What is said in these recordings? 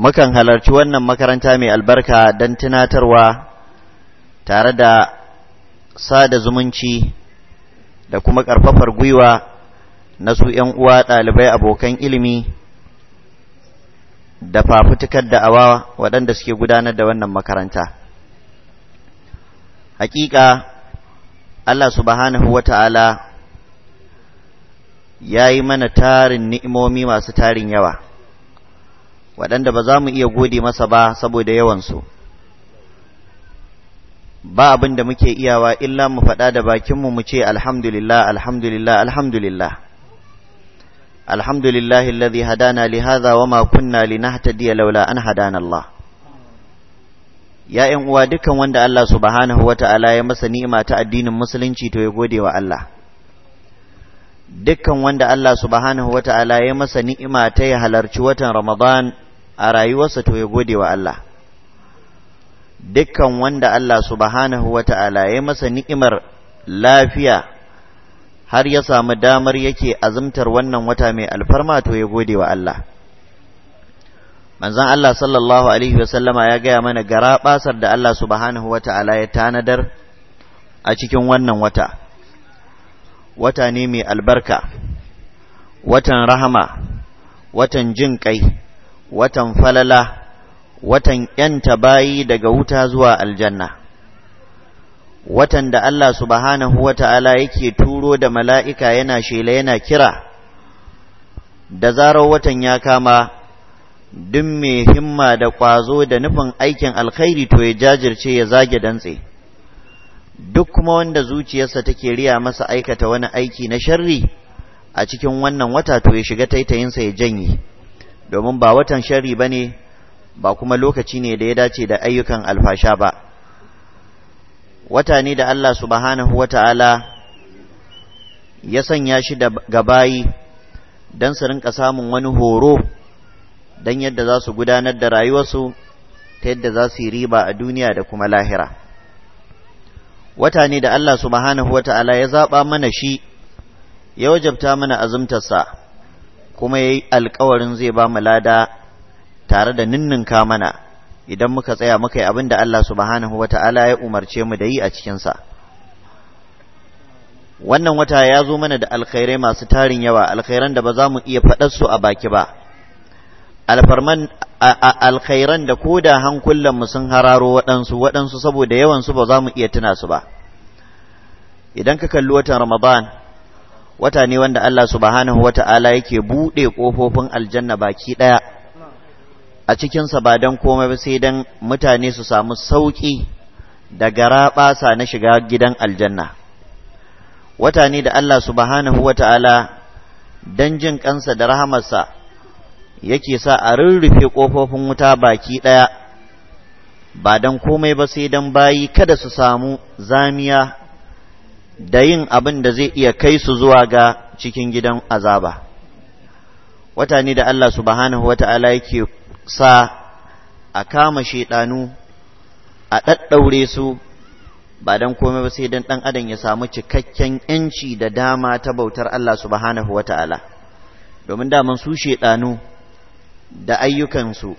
mukan halarci wannan makaranta mai albarka don tunatarwa tare da sada zumunci da kuma ƙarfafar gwiwa na su yan uwa ɗalibai abokan ilimi da fafutukar da'awa waɗanda suke gudanar da wannan makaranta. Hakika Allah subhanahu wa ta'ala ya yi mana tarin ni'imomi masu tarin yawa. waɗanda ba za mu iya gode masa ba saboda yawansu ba abin da muke iyawa illa mu faɗa da bakinmu mu ce alhamdulillah alhamdulillah alhamdulillah alhamdulillah alladhi hadana li hadha wama kunna linahtadiya laula an hadana Allah ya ƴan uwa dukan wanda Allah subhanahu wata'ala ya masa ni'ima ta addinin musulunci to ya gode wa Allah dukkan wanda Allah subhanahu wata'ala ya masa ni'ima ta ya halarci watan Ramadan a rayuwarsa to ya gode wa Allah dukkan wanda Allah subhanahu wa ta'ala ya masa ni'imar lafiya har ya samu damar yake azumtar wannan wata mai alfarma to ya gode wa Allah Manzan Allah sallallahu alaihi wasallama ya gaya mana gara basar da Allah subhanahu wa ta'ala ya tanadar a cikin wannan wata wata ne mai albarka watan rahama watan jin kai watan falala watan yan bayi daga wuta zuwa aljanna, watan da Allah subhanahu wata'ala yake turo da mala'ika yana shela yana kira, da zarar watan ya kama, duk mai himma da ƙwazo da nufin aikin alkhairi to ya jajirce ya zage dantse. Duk kuma wanda zuciyarsa take riya masa aikata wani aiki na sharri a cikin wannan wata to ya shiga taitayinsa ya janye. domin ba watan shari ba ne ba kuma lokaci ne da ya dace da ayyukan alfasha ba wata ne da Allah subhanahu wa ta'ala ya sanya shi da gabayi don su rinka samun wani horo don yadda za su gudanar da rayuwarsu ta yadda za su yi riba a duniya da kuma lahira wata ne da Allah subhanahu wa ta'ala ya zaɓa mana shi ya wajabta mana azumtarsa kuma ya yi alkawarin zai ba mu lada tare da ninninka mana idan muka tsaya muka yi abin da Allah subhanahu wa ta'ala ya umarce mu da yi a cikinsa. Wannan wata ya zo mana da alkhairai masu tarin yawa, alkhairan da ba za mu iya faɗar su a baki ba, alkhairan da ko da hankulanmu sun hararo waɗansu, waɗansu saboda yawansu ba za mu iya tuna su ba. Idan ka kalli watan Ramadan, wata ne wanda Allah subhanahu ta'ala yake buɗe kofofin aljanna baki ɗaya a cikinsa ba don komai ba sai dan mutane su samu sauƙi da garaɓasa na shiga gidan aljanna wata ne da Allah subhanahu ta’ala don jin kansa da rahamarsa yake sa a rurrufe kofofin wuta baki ɗaya ba dan komai ba sai dan bayi kada su samu zamiya da yin abin da zai iya kai su zuwa ga cikin gidan azaba wata ne da Allah subhanahu wata'ala yake sa a kama shaidanu a ɗaɗɗaure su ba don komai ba sai don ɗan adam ya samu cikakken ‘yanci da dama ta bautar Allah subhanahu wa ta'ala domin daman su shaɗanu da ayyukansu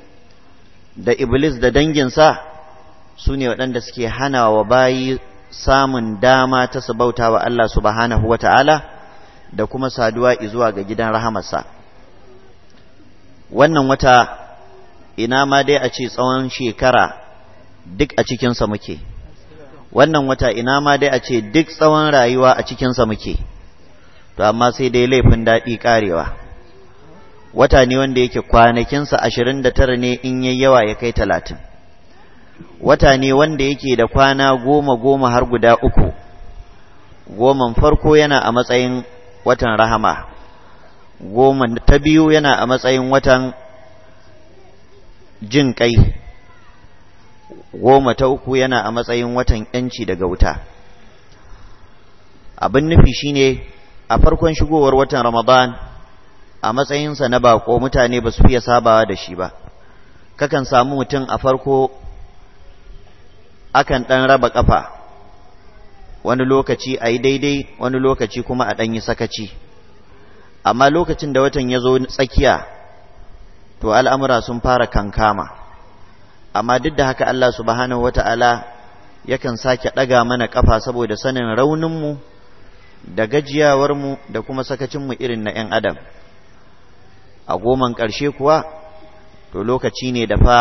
da iblis da danginsa su ne waɗanda suke hana wa bayi samun dama ta su bauta wa Allah subhanahu wa ta'ala da kuma saduwa zuwa ga gidan rahamarsa. Wannan wata ina ma dai a ce tsawon shekara duk a cikinsa muke, wannan wata ina ma dai a ce duk tsawon rayuwa a cikinsa muke, to amma sai dai laifin daɗi karewa. Wata ne wanda yake kwanakinsa ashirin da tara ne in yayi yawa ya kai talatin. wata ne wanda yake da kwana goma goma har guda uku goman farko yana a matsayin watan rahama goman ta biyu yana a matsayin watan jin kai goma ta uku yana a matsayin watan yanci daga wuta abin nufi shine a farkon shigowar watan ramadan a matsayinsa na bako mutane ba su fiye sabawa da shi ba kakan samu mutum a farko akan ɗan raba ƙafa wani lokaci a yi daidai wani lokaci kuma a ɗan yi sakaci amma lokacin da watan ya zo tsakiya to al'amura sun fara kankama amma duk da haka Allah subhanahu wata'ala yakan sake ɗaga mana ƙafa saboda sanin rauninmu da gajiyawarmu da kuma sakacinmu irin na ‘yan adam a goman ƙarshe kuwa to lokaci ne da fa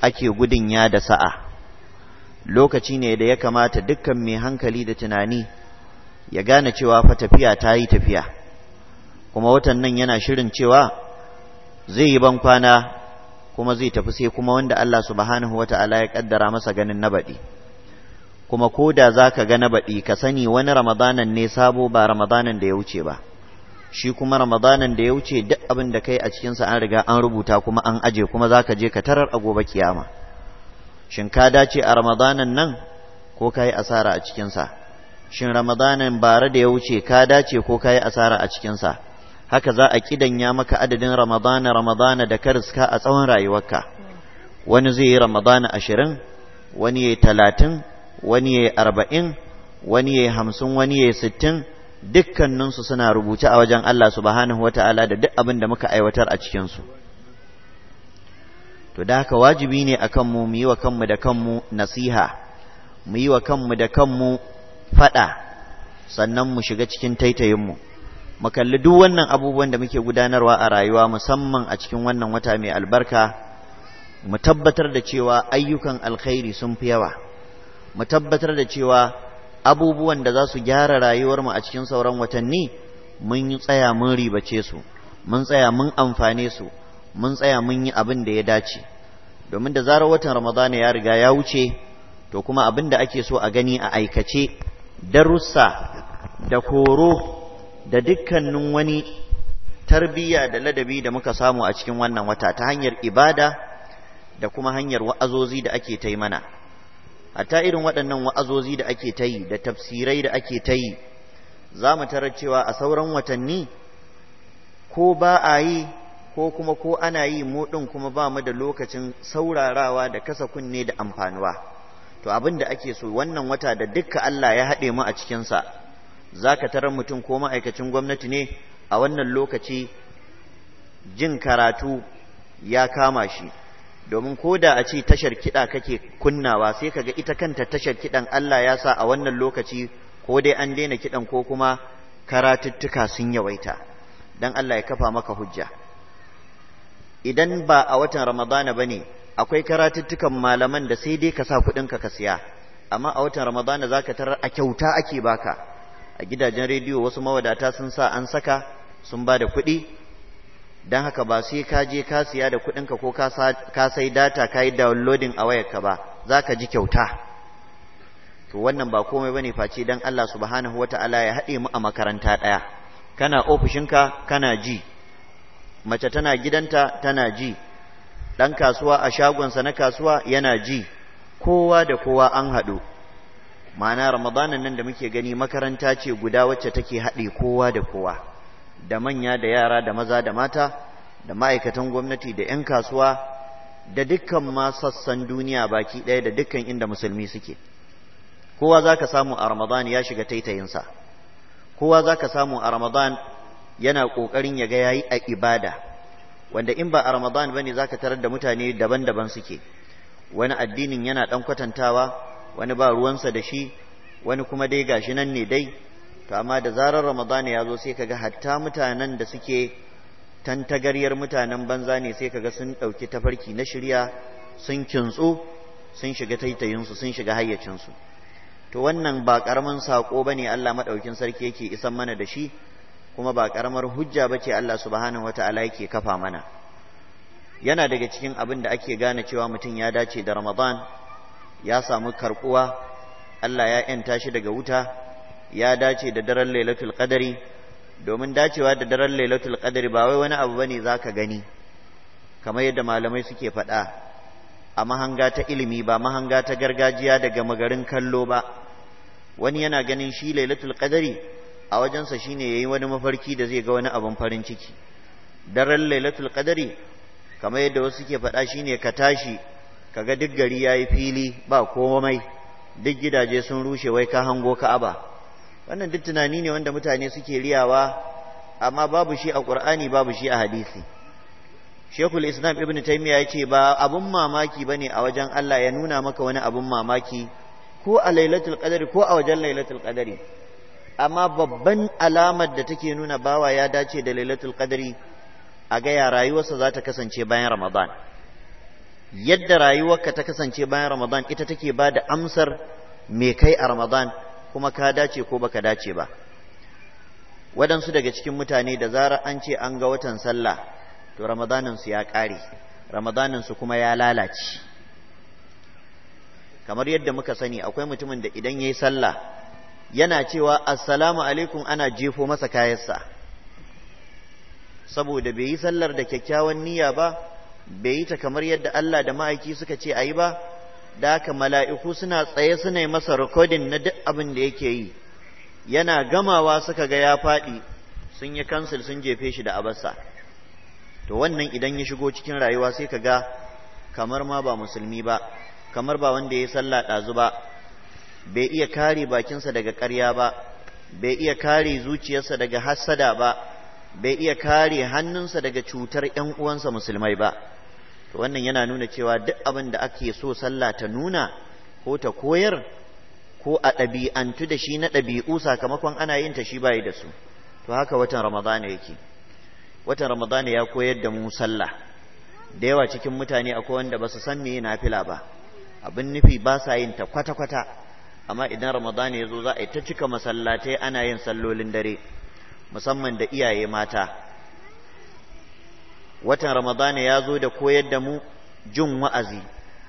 ake gudun ya da sa'a lokaci ne da ya kamata dukkan mai hankali da tunani ya gane cewa fa tafiya ta yi tafiya kuma watan nan yana shirin cewa zai yi ban kwana kuma zai tafi sai kuma wanda Allah subhanahu wa ta'ala ya kaddara masa ganin na baɗi kuma ko da za ka ga na baɗi ka sani wani ramadanan ne sabo ba ramadanan da ya wuce ba shi kuma ramadanan da ya wuce duk abin da kai a cikinsa an riga an rubuta kuma an aje kuma za ka je ka tarar a gobe kiyama shin ka dace a ramadanan nan ko ka yi asara a cikinsa shin ramadanan bara da ya wuce ka dace ko ka yi asara a cikinsa haka za a kidanya maka adadin ramadana ramadana da ka riska a tsawon rayuwarka wani zai yi ramadana ashirin wani ya talatin wani ya arba'in wani ya hamsin wani ya sittin dukkaninsu suna rubuce a wajen Allah subhanahu wa ta'ala da duk abin da muka aiwatar a cikinsu. to da haka wajibi ne a mu mu yi wa kanmu da kanmu nasiha mu yi wa kanmu da kanmu faɗa sannan mu shiga cikin taitayinmu mu kalli duk wannan abubuwan da muke gudanarwa a rayuwa musamman a cikin wannan wata mai albarka mu tabbatar da cewa ayyukan alkhairi sun fi yawa mu tabbatar da cewa abubuwan da za su gyara rayuwarmu a cikin sauran watanni mun tsaya mun ribace su mun tsaya mun amfane su mun tsaya mun yi abin da ya dace domin da zarar watan ramadana ya riga ya wuce to kuma abin da ake so a gani a aikace darussa da koro da dukkanin wani tarbiyya da ladabi da muka samu a cikin wannan wata ta hanyar ibada da kuma hanyar wa'azozi da ake ta yi mana hatta irin waɗannan wa'azozi da ake ta yi da tafsirai da ake ta yi za mu tarar cewa a sauran watanni ko ba a yi ko kuma ko ana yi mu kuma ba mu da lokacin saurarawa da kasa kunne da amfanuwa to abin da ake so wannan wata da dukka Allah ya haɗe mu a cikinsa za ka tarar mutum ko ma'aikacin gwamnati ne a wannan lokaci jin karatu ya kama shi domin ko da a ce tashar kiɗa kake kunnawa sai ka ga ita kanta tashar kiɗan Allah ya sa a wannan lokaci ko dai an daina kiɗan ko kuma karatuttuka sun yawaita dan Allah ya kafa maka hujja idan ba a watan ramadana bane akwai karatuttukan malaman da sai dai ka sa kuɗinka ka siya amma a watan ramadana za ka tarar a kyauta ake baka a gidajen rediyo wasu mawadata sun sa an saka sun ba da kuɗi don haka ba sai ka je ka siya da kuɗinka ko ka sai data ka yi downloading a wayarka ba za ka ji kyauta to wannan ba komai ne face dan Allah subhanahu wataala ya haɗe mu a makaranta ɗaya kana ofishinka kana ji mace tana gidanta tana ji ɗan kasuwa a shagonsa na kasuwa yana ji kowa da kowa an haɗu ma'ana ramadanan nan da muke gani makaranta ce guda wacce take haɗe kowa da kowa da manya da yara da maza da mata da ma'aikatan gwamnati da 'yan kasuwa da dukkan ma sassan duniya baki ɗaya da dukkan inda musulmi suke kowa za ka samu a ramadan ya shiga taitayinsa kowa za ka samu a ramadan yana ƙoƙarin ya ga yayi a ibada wanda in ba a Ramadan bane zaka tarar da mutane daban-daban suke wani addinin yana dan kwatantawa wani ba ruwansa da shi wani kuma dai gashi nan ne dai to amma da zarar Ramadan ya zo sai kaga hatta mutanen da suke tantagaryar mutanen banza ne sai kaga sun ɗauki tafarki na shirya sun kintsu sun shiga taitayinsu sun shiga hayyacinsu to wannan ba ƙaramin saƙo bane Allah maɗaukin sarki yake isan mana da shi kuma ba karamar hujja ba ce Allah subhanahu ta’ala yake kafa mana yana daga cikin abin da ake gane cewa mutum ya dace da Ramadan ya samu karkuwa Allah ya yanta shi daga wuta ya dace da daren Lailatul ƙadari. domin dacewa da daren Lailatul ƙadari ba wai wani abu ba ne za ka gani kamar yadda malamai suke faɗa a mahanga ta ilimi ba mahanga ta gargajiya daga magarin kallo ba wani yana ganin shi Lailatul ƙadari. a wajensa shine yayi wani mafarki da zai ga wani abin farin ciki daren lailatul qadari kamar yadda wasu ke faɗa shine ka tashi kaga duk gari yayi fili ba komai duk gidaje sun rushe wai ka hango ka'aba wannan duk tunani ne wanda mutane suke riyawa amma babu shi a qur'ani babu shi a hadisi Shekul Islam Ibn Taymiyyah ya ce ba abun mamaki bane a wajen Allah ya nuna maka wani abun mamaki ko a Lailatul Qadari ko a wajen Lailatul Qadari amma babban alamar da take nuna bawa ya dace da lailatul qadri a gaya rayuwarsa za ta kasance bayan ramadan yadda rayuwarka ta kasance bayan ramadan ita take ba da amsar me kai a ramadan kuma ka dace ko baka dace ba waɗansu daga cikin mutane da zara an ce an ga watan sallah to ramadaninsu ya ƙare ramadaninsu kuma ya lalace kamar yadda muka sani akwai mutumin da idan ya yi sallah yana cewa assalamu alaikum ana jefo masa kayarsa, saboda bai yi sallar da kyakkyawan niyya ba bai yi ta kamar yadda Allah da ma'aiki suka ce a yi ba da haka mala'iku suna tsaye suna yi masa rikodin na duk abin da yake yi yana gamawa suka ga ya faɗi sun yi kansil sun jefe shi da abarsa to wannan idan ya shigo cikin rayuwa sai ka ga kamar ma ba musulmi ba kamar ba wanda ya yi sallah ɗazu ba bai iya kare bakinsa daga ƙarya ba bai iya kare zuciyarsa daga hassada ba bai iya kare hannunsa daga cutar ‘yan uwansa musulmai ba to wannan yana nuna cewa duk abin da ake so sallah ta nuna ko ta koyar ko a ɗabi'antu da shi na ɗabi'u sakamakon ana yin ta shi bayi da su to haka watan ramadana yake watan ramadana ya koyar da mu sallah da yawa cikin mutane akwai wanda ba su san me nafila ba abin nufi ba sa yin ta kwata-kwata amma idan ramadan ya zo za a yi ta cika masallatai ana yin sallolin dare musamman da iyaye mata watan ramadan ya zo da koyar da mu jin wa'azi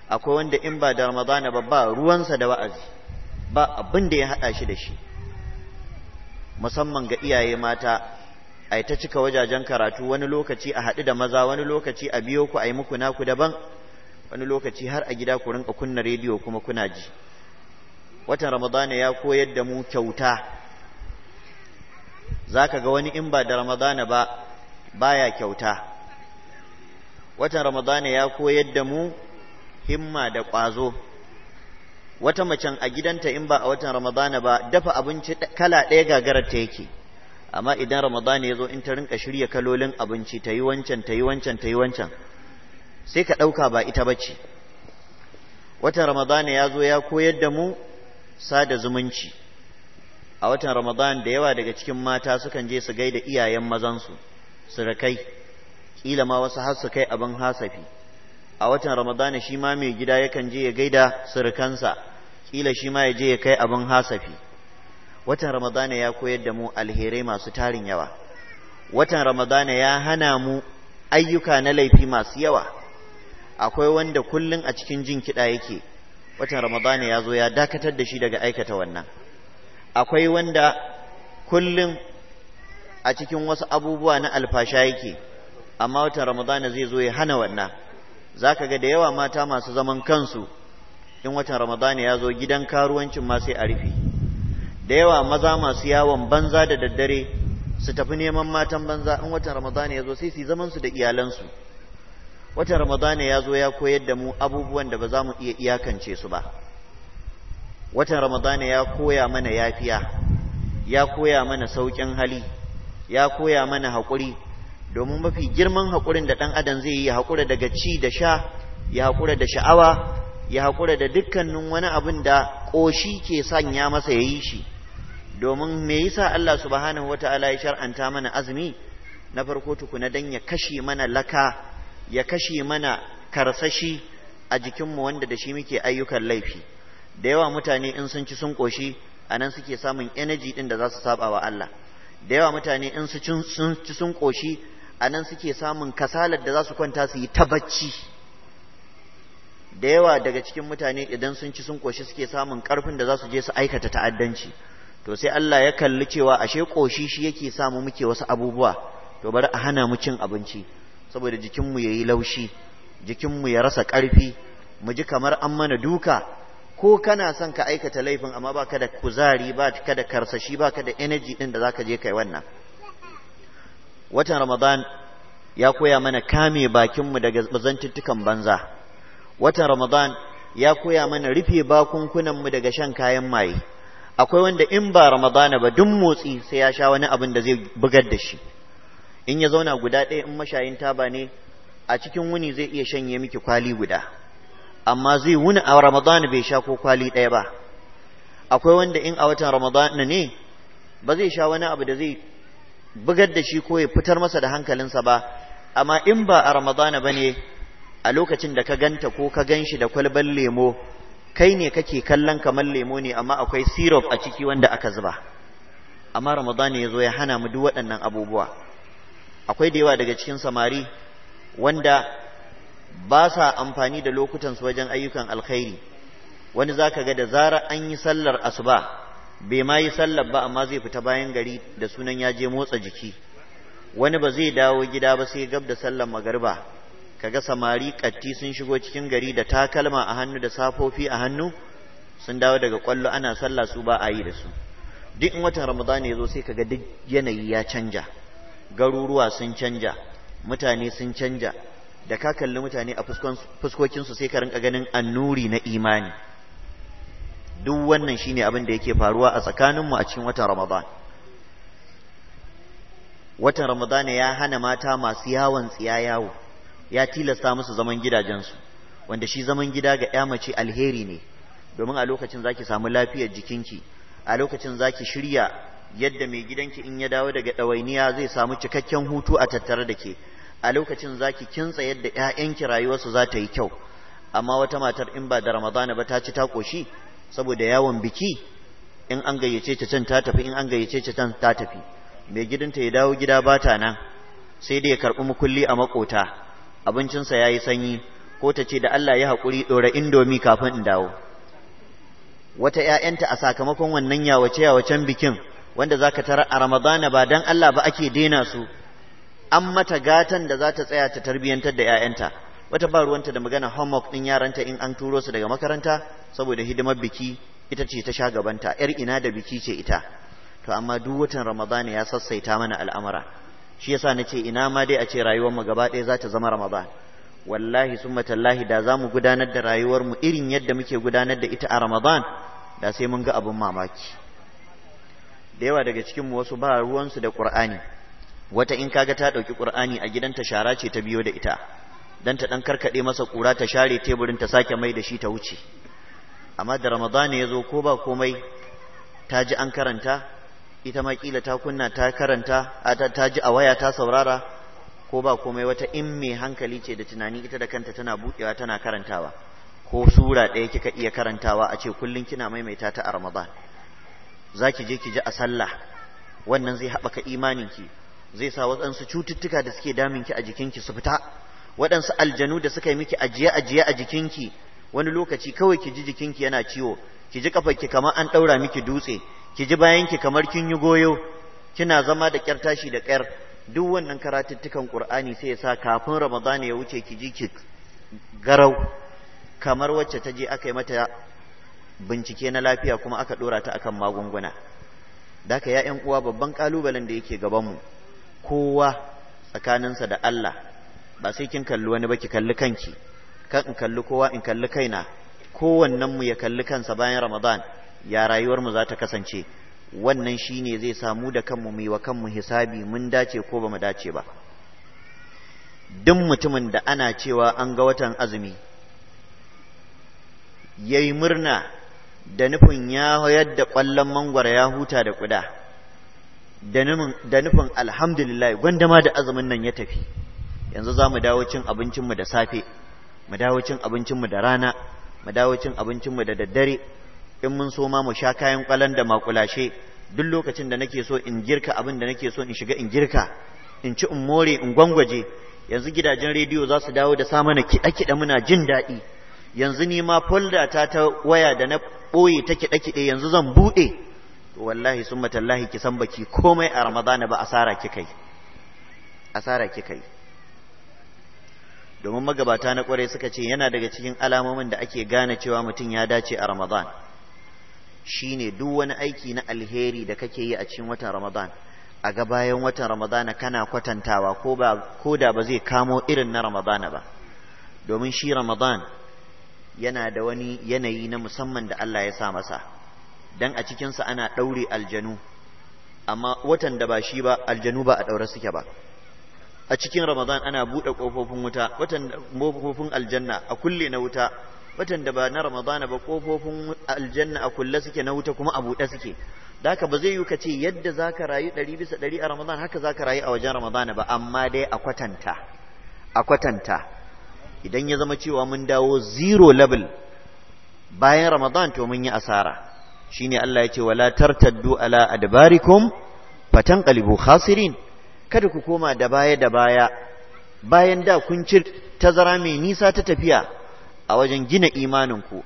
akwai wanda in ba da ramadan ba ba ruwansa da wa'azi ba abin da ya haɗa shi da shi musamman ga iyaye mata a yi ta cika wajajen karatu wani lokaci a haɗu da maza wani lokaci a biyo ku a yi muku naku daban wani lokaci har a gida ku rinka kunna rediyo kuma kuna ji watan ramadana ya koyar da mu kyauta za ka ga wani in ba da ramadana ba baya kyauta watan ramadana ya koyar da mu himma da ƙwazo wata macen a gidanta in ba a watan ramadana ba dafa abinci kala ɗaya gagarar ta yake amma idan ramadana ya zo in ta rinka shirya kalolin abinci ta yi wancan ta yi wancan ta yi wancan sai ka ɗauka ba ita ba ce watan ramadana ya zo ya koyar da mu sada zumunci a watan ramadan da yawa daga cikin mata sukan je su gaida iyayen mazansu su rakai kila ma wasu har su kai abin hasafi a watan ramadan shi ma mai gida yakan je ya gaida surukansa kila shi ma ya je ya kai abin hasafi watan ramadana ya koyar da mu alherai masu tarin yawa watan ramadana ya hana mu ayyuka na laifi masu yawa akwai wanda kullum a cikin jin kiɗa yake watan ramadana ya zo ya dakatar da shi daga aikata wannan akwai wanda kullum a cikin wasu abubuwa na alfasha yake amma watan ramadana zai zo ya hana wannan za ka ga da yawa mata masu zaman kansu in watan ramadana ya zo gidan karuwancin ma sai a rufe da yawa maza masu yawon banza da daddare su tafi neman matan banza in watan ramadana ya zo sai su zaman su da iyalansu wata ramadana ya zo ya koyar da mu abubuwan da ba za mu iya iyakance su ba watan ramadana ya koya mana yafiya ya koya mana saukin hali ya koya mana haƙuri domin mafi girman haƙurin da ɗan adam zai yi ya haƙura daga ci da sha ya haƙura da sha'awa ya haƙura da dukkanin wani abin da ƙoshi ke sanya masa ya yi shi domin me yasa Allah subhanahu wataala ya shar'anta mana azumi na farko tukuna dan ya kashe mana laka ya kashe mana karsashi a jikinmu wanda da shi muke ayyukan laifi da yawa mutane in sun ci sun ƙoshi a nan suke samun energy ɗin da za su saba wa Allah da yawa mutane in sun ci sun ƙoshi a nan suke samun kasalar da za su kwanta su yi ta bacci da yawa daga cikin mutane idan sun ci sun ƙoshi suke samun ƙarfin da za su je su aikata ta'addanci to sai Allah ya kalli cewa ashe ƙoshi shi yake samu muke wasu abubuwa to bari a hana mu cin abinci saboda jikinmu ya yi laushi jikinmu ya rasa ƙarfi mu ji kamar an mana duka ko kana son ka aikata laifin amma baka da kuzari baka da karsashi baka da energy ɗin da za ka je kai wannan watan ramadan ya koya mana kame bakinmu daga zantuttukan banza watan ramadan ya koya mana rufe bakunkunanmu daga shan kayan maye akwai wanda in ba ramadana ba duk motsi sai ya sha wani abin da zai bugar da shi in ya zauna guda ɗaya in mashayin taba ne a cikin wuni zai iya shanye miki kwali guda amma zai wuni a ramadan bai sha ko kwali ɗaya ba akwai wanda in a watan ramadan ne ba zai sha wani abu da zai bugar da shi ko ya fitar masa da hankalinsa ba amma in ba a ramadan ba ne a lokacin da ka ganta ko ka gan shi da kwalban lemo kai ne kake kallon kamar lemo ne amma akwai syrup a ciki wanda aka zuba amma ramadan ya zo ya hana mu duk waɗannan abubuwa akwai da yawa daga cikin samari wanda ba sa amfani da lokutansu wajen ayyukan alkhairi wani za ka ga da zara an yi sallar asuba bai ma yi sallar ba amma zai fita bayan gari da sunan ya je motsa jiki wani ba zai dawo gida ba sai gab da sallar magariba kaga samari katti sun shigo cikin gari da takalma a hannu da safofi a hannu sun dawo daga kwallo ana sallah su ba a yi da su duk in watan Ramadana ya zo sai kaga duk yanayi ya canja garuruwa sun canja mutane sun canja da ka kalli mutane a fuskokinsu sai ka rinka ganin annuri na imani duk wannan shine abin da yake faruwa a tsakaninmu a cikin watan ramadan watan ramadan ya hana mata masu yawon tsiya yawo ya tilasta musu zaman gidajensu wanda shi zaman gida ga ya mace alheri ne domin a lokacin zaki samu lafiyar jikinki a lokacin zaki shirya yadda mai gidanki in ya dawo daga ɗawainiya zai samu cikakken hutu a tattare da ke a lokacin zaki kintsa yadda ‘ya'yanki rayuwarsu za ta yi kyau amma wata matar in ba da ramadana ba ta ci ta ƙoshi saboda yawon biki in an gayyace ta can ta tafi in an gayyace ta can ta tafi mai gidanta ya dawo gida ba ta nan sai dai ya karɓi mukulli a maƙota abincinsa ya yi sanyi ko ta ce da Allah ya haƙuri ɗora indomi kafin in dawo wata ‘ya'yanta a sakamakon wannan yawace yawacen bikin wanda zaka tara a ramadana ba dan Allah ba ake daina su an mata gatan da za ta tsaya ta tarbiyantar da 'ya'yanta wata ba ruwanta da magana homework din yaranta in an turo su daga makaranta saboda hidimar biki ita ce ta sha gabanta yar ina da biki ce ita to amma duk watan ramadana ya sassaita mana al'amura shi yasa nace ina ma dai a ce rayuwar mu gaba ɗaya za ta zama ramadan wallahi summa tallahi da za mu gudanar da rayuwar mu irin yadda muke gudanar da ita a ramadan da sai mun ga abun mamaki da yawa daga cikin mu wasu ba ruwan su da qur'ani wata in kaga ta ɗauki qur'ani a gidanta shara ce ta biyo da ita dan ta dan karkade masa kura ta share teburin ta sake mai da shi ta wuce amma da ramadana ya zo ko ba komai ta ji an karanta ita ma kila ta kunna ta karanta ta ji a waya ta saurara ko ba komai wata in mai hankali ce da tunani ita da kanta tana bukewa tana karantawa ko sura ɗaya kika iya karantawa a ce kullum kina maimaita ta a ramadan za ki je ki ji a sallah wannan zai haɓaka ki zai sa waɗansu cututtuka da suke ki a jikinki su fita waɗansu aljanu da suka yi miki ajiye ajiye a jikinki wani lokaci kawai ki ji jikinki yana ciwo ki ji ki kamar an ɗaura miki dutse ki ji bayan ki kamar kin yi goyo kina zama da ƙyar tashi da ƙyar duk wannan karatuttukan Qur'ani sai ya sa kafin Ramadana ya wuce ki ji ki garau kamar wacce ta je aka yi mata bincike na lafiya kuma aka ɗora ta akan magunguna daka ya uwa babban kalubalen da yake gabanmu kowa tsakaninsa da Allah ba sai kin kalli wani ba ki kalli kanki kan in kalli kowa in kalli kaina kowannen mu ya kalli kansa bayan Ramadan ya rayuwar mu za ta kasance wannan shine zai samu da kanmu mu yi wa kanmu hisabi mun dace ko ba mu dace ba duk mutumin da ana cewa an ga watan azumi yayi murna da nufin ya hoyar da ƙwallon mangwara ya huta da ƙuda da nufin alhamdulillah gwandama da azumin nan ya tafi yanzu za mu dawo cin abincinmu da safe mu dawo cin abincinmu da rana mu dawo cin abincinmu da daddare in mun so ma mu sha kayan ƙwallon da makulashe duk lokacin da nake so in girka abin da nake so in shiga in girka in ci in more in gwangwaje yanzu gidajen rediyo za su dawo da sa mana kiɗa-kiɗa muna jin daɗi yanzu ni ma folda ta ta waya da na boye ta kiɗe-kiɗe yanzu zan buɗe wallahi sun matallahi ki san baki komai a ramadana ba asara kika yi asara kika yi domin magabata na kwarai suka ce yana daga cikin alamomin da ake gane cewa mutum ya dace a ramadan shine duk wani aiki na alheri da kake yi a cikin watan ramadan a ga bayan watan ramadana kana kwatantawa ko da ba zai kamo irin na ramadana ba domin shi ramadan yana da wani yanayi na musamman da Allah ya sa masa dan a cikinsa ana ɗaure aljanu amma watan da ba shi ba aljanu ba a ɗaure suke ba a cikin ramadan ana buɗe ƙofofin wuta watan ƙofofin aljanna a kulle na wuta watan da ba na ramadana ba ƙofofin aljanna a kulle suke na wuta kuma a buɗe suke da haka ba zai yi ce yadda za ka rayu ɗari bisa ɗari a ramadan haka za ka rayu a wajen ramadana ba amma dai a kwatanta a kwatanta idan ya zama cewa mun dawo zero level bayan ramadan to mun yi asara shine Allah ya ce wala tartaddu ala adbarikum qalibu khasirin kada ku koma da baya da baya bayan da kun ci tazara mai nisa ta tafiya a wajen gina imaninku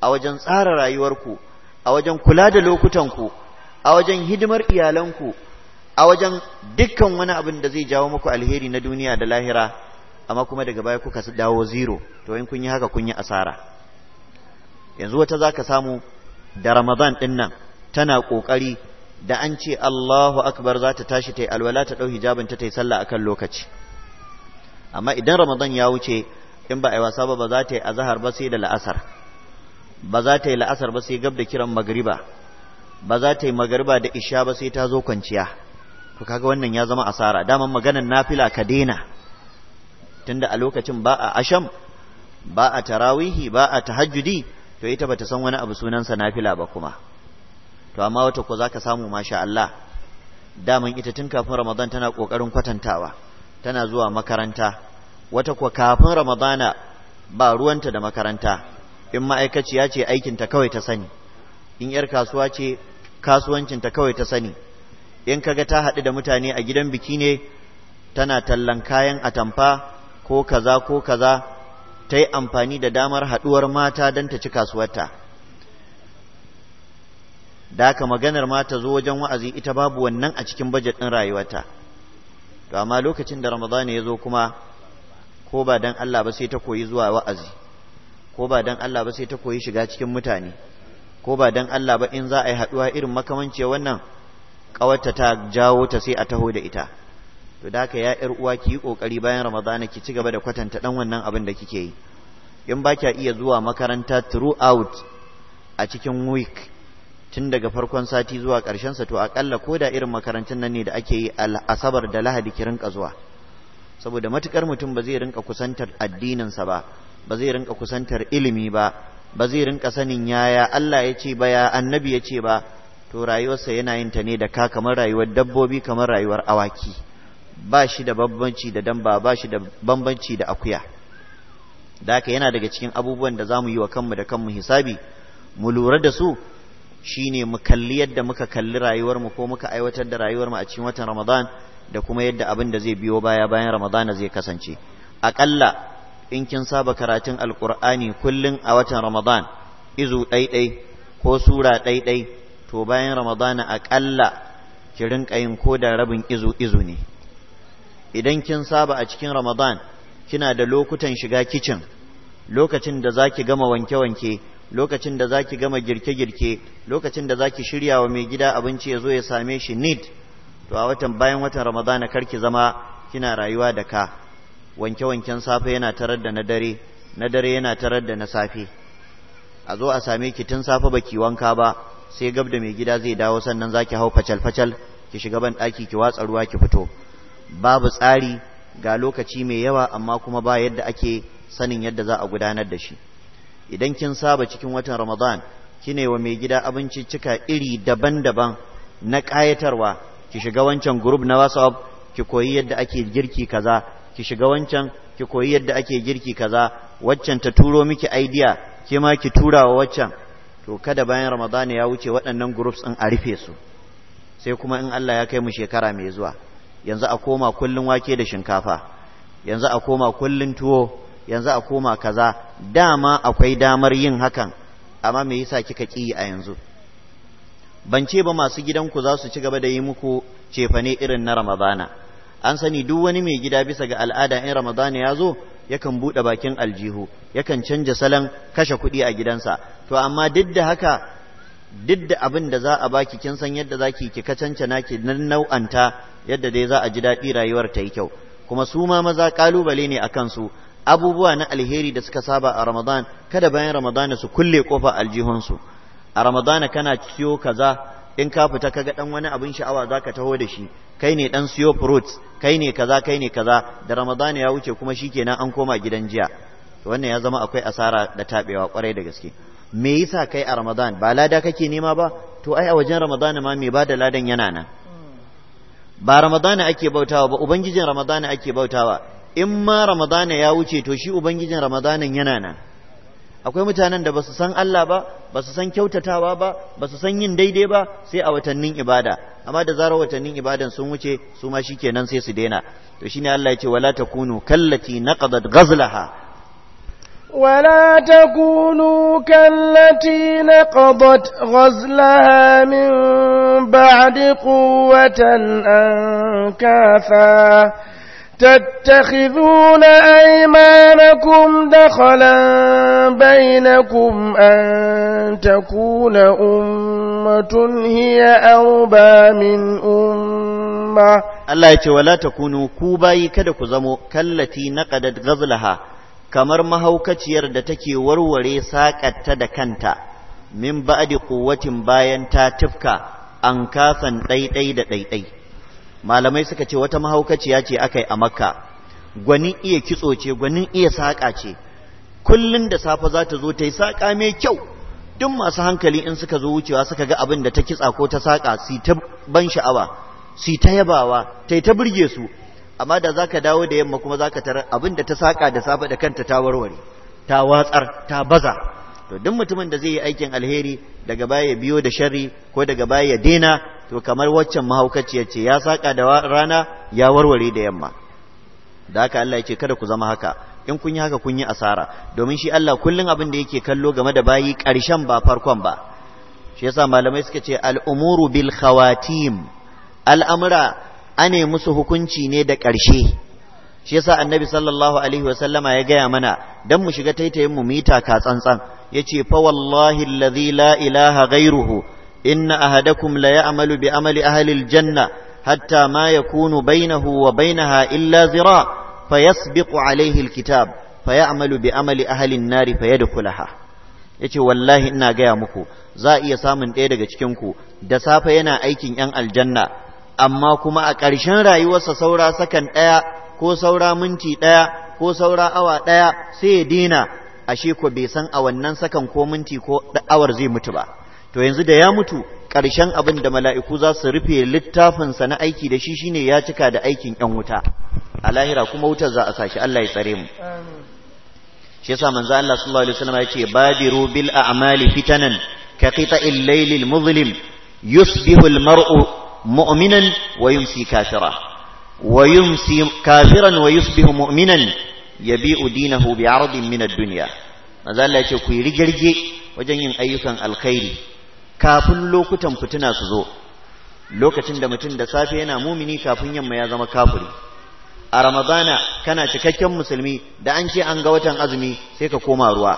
a wajen tsara rayuwarku a wajen kula da lokutanku a wajen hidimar iyalanku a wajen dukkan wani abin da zai jawo muku alheri na duniya da lahira amma kuma daga baya kuka dawo zero to in kun yi haka kun yi asara yanzu wata za ka samu da ramadan ɗin nan tana kokari da an ce Allahu akbar za ta tashi ta yi alwala ta ɗau hijabin ta ta yi sallah akan lokaci amma idan ramadan ya wuce in ba a yi wasa ba ba za ta yi azahar ba sai da la'asar ba za ta yi la'asar ba sai gab da kiran magriba ba za ta yi magriba da isha ba sai ta zo kwanciya to kaga wannan ya zama asara daman maganan nafila ka daina tunda a lokacin ba a asham ba a tarawihi ba a tahajjudi to ita bata san wani abu sunansa nafila ba kuma to amma wata ko zaka samu masha Allah daman ita tun kafin Ramadan tana kokarin kwatantawa tana zuwa makaranta wata ko kafin Ramadana ba ruwanta da makaranta in ma'aikaciya ce aikin ta kawai ta sani in 'yar kasuwa ce kasuwancin ta kawai ta sani in kaga ta haɗu da mutane a gidan biki ne tana tallan kayan atamfa ko kaza ko kaza ta yi amfani da damar haɗuwar mata don ta ci kasuwarta da aka maganar mata zo wajen wa'azi ita babu wannan a cikin bajet ɗin rayuwarta to amma lokacin da ramadan ya zo kuma ko ba don Allah ba sai ta koyi zuwa wa'azi ko ba don Allah ba sai ta koyi shiga cikin mutane ko ba don Allah ba in za a yi haɗuwa irin makamanci wannan ƙawarta ta jawo ta sai a taho da ita to da haka ya ƴar uwa ki yi kokari bayan ramadana ki ci gaba da kwatanta dan wannan abin da kike yi in ba kya iya zuwa makaranta throughout a cikin week tun daga farkon sati zuwa ƙarshen sa to akalla ko da irin makarantun nan ne da ake yi asabar da lahadi ki rinka zuwa saboda matukar mutum ba zai rinka kusantar addininsa ba ba zai rinka kusantar ilimi ba ba zai rinka sanin yaya Allah ya ce ba ya annabi ya ce ba to rayuwarsa yana yin ta ne da ka kamar rayuwar dabbobi kamar rayuwar awaki ba shi da bambanci da damba ba shi da bambanci da akuya da haka yana daga cikin abubuwan da za mu yi wa kanmu da kanmu hisabi mu lura da su shine mu kalli yadda muka kalli rayuwarmu ko muka aiwatar da rayuwarmu a cikin watan Ramadan da kuma yadda abin da zai biyo baya bayan Ramadan zai kasance aƙalla in kin saba karatun alƙur'ani kullum a watan Ramadan izu ɗaiɗai ko sura ɗaiɗai to bayan Ramadan aƙalla ki rinƙa yin ko da rabin izu izu ne idan kin saba a cikin ramadan kina da lokutan shiga kicin lokacin da za gama wanke-wanke lokacin da za gama girke-girke lokacin da zaki shirya wa mai gida abinci ya zo ya same shi need to a watan bayan watan ramadana karki zama kina rayuwa da ka wanke-wanken safe yana tarar da na dare na dare yana tarar da na safe a zo a same ki tun safe baki wanka ba sai gab da mai gida zai dawo sannan zaki hau facal-facal ki shiga ban ɗaki ki watsa ruwa ki fito babu tsari ga lokaci mai yawa amma kuma ba yadda ake sanin yadda za a gudanar da shi idan kin saba cikin watan ramadan kine wa mai gida abinci cika iri daban-daban na ƙayatarwa ki shiga wancan group na whatsapp ki koyi yadda ake girki kaza ki shiga wancan ki koyi yadda ake girki kaza waccan ta turo miki idea ke ma ki tura wa waccan to kada bayan ramadan ya wuce waɗannan groups din a rufe su sai kuma in Allah ya kai mu shekara mai zuwa yanzu a koma kullun wake da shinkafa yanzu a koma kullun tuwo yanzu a koma kaza dama akwai damar yin hakan amma me yasa kika ki a yanzu ban ce ba masu gidanku za su ci gaba da yi muku cefane irin na ramadana an sani duk wani mai gida bisa ga al'ada in ramadana ya zo yakan buɗe bakin aljihu yakan canja salon kashe kuɗi a gidansa to amma duk da haka duk da abin da za a baki kin san yadda zaki ki ka cancana ki nau'anta yadda dai za a ji daɗi rayuwar ta yi kyau kuma su ma maza kalubale ne akan su abubuwa na alheri da suka saba a Ramadan kada bayan ramadana su kulle kofa aljihunsu a Ramadan kana ciyo kaza in ka fita kaga dan wani abin sha'awa zaka taho da shi kai ne dan siyo fruits kai ne kaza kai ne kaza da ramadana ya wuce kuma shi shikenan an koma gidan jiya to wannan ya zama akwai asara da tabewa kwarai da gaske me yasa kai a Ramadan ba lada kake nema ba to ai a wajen Ramadan ma me ba da ladan yana nan ba ramadana ake bautawa ba ubangijin ramadana ake bautawa in ma ramadana ya wuce to shi ubangijin ramadanan yana nan akwai mutanen da ba su san Allah ba ba su san kyautatawa ba ba su san yin daidai ba sai a watannin ibada amma da zarar watannin ibadan sun wuce su ma shi shikenan sai su daina to shine Allah ya ce wala takunu kallati naqadat ghazlaha ولا تكونوا كالتي نقضت غزلها من بعد قوة أنكاثا تتخذون أيمانكم دخلا بينكم أن تكون أمة هي أربى من أمة الله يتولى تكونوا كوباي كدك زمو كالتي نقدت غزلها kamar mahaukaciyar da take warware saƙatta da kanta min ba'di quwwatin bayan ta tifka an kafan ɗaiɗai da ɗaiɗai malamai suka ce wata mahaukaciya ce aka a makka Gwani iya kitso ce gwanin iya saƙa ce kullum da safe za ta zo ta yi saƙa mai kyau duk masu hankali in suka zo wucewa suka ga abin da ta kitsa ko ta saƙa su ta ban sha'awa su ta yabawa ta yi ta burge su amma da zaka dawo da yamma kuma zaka tarar da ta saka da safe da kanta ta warware ta watsar ta baza to duk mutumin da zai yi aikin alheri daga baya ya biyo da sharri ko daga baya ya dena to kamar waccan mahaukaciyar ce ya saka da rana ya warware da yamma da haka Allah ya kada ku zama haka in kun yi haka kun yi asara domin shi Allah kullum abin da yake kallo game da bayi karshen ba farkon ba shi yasa malamai suka ce al'umuru bil khawatim al'amura ane musu hukunci ne da ƙarshe shi yasa annabi sallallahu alaihi wa sallama ya gaya mana dan mu shiga taitayin mu mita ka tsantsan yace fa wallahi alladhi la ilaha ghairuhu inna ahadakum la ya'malu bi amali ahli aljanna hatta ma yakunu bainahu wa bainaha illa zira fa fayasbiqu alaihi alkitab yamalu bi amali ahli an-nar fayadkhulaha yace wallahi ina gaya muku za a iya samun ɗaya daga cikin ku da safe yana aikin yan aljanna amma kuma a ƙarshen rayuwarsa saura sakan ɗaya ko saura minti ɗaya ko saura awa ɗaya sai ya dina ashe ko bai san a wannan sakan ko minti ko awar zai mutu ba to yanzu da ya mutu ƙarshen abin da mala'iku za su rufe littafinsa na aiki da shi shine ya cika da aikin ‘yan wuta a lahira kuma wutar za a sashi Allah ya tsare mu shi yasa manzo Allah sallallahu alaihi wasallam ya ce badiru bil a'mali fitanan ka qita'il laylil muzlim yusbihu al mar'u مؤمنا ويمسي كافرا ويمسي كافرا ويصبح مؤمنا يبيع دينه بعرض من الدنيا maza Allah ya ce ku yi rigirge wajen yin ayyukan alkhairi kafin lokutan fitina su zo lokacin da mutum da safe yana mumini kafin yamma ya zama kafuri. a ramadana kana cikakken musulmi da an ce an ga watan azumi sai ka koma ruwa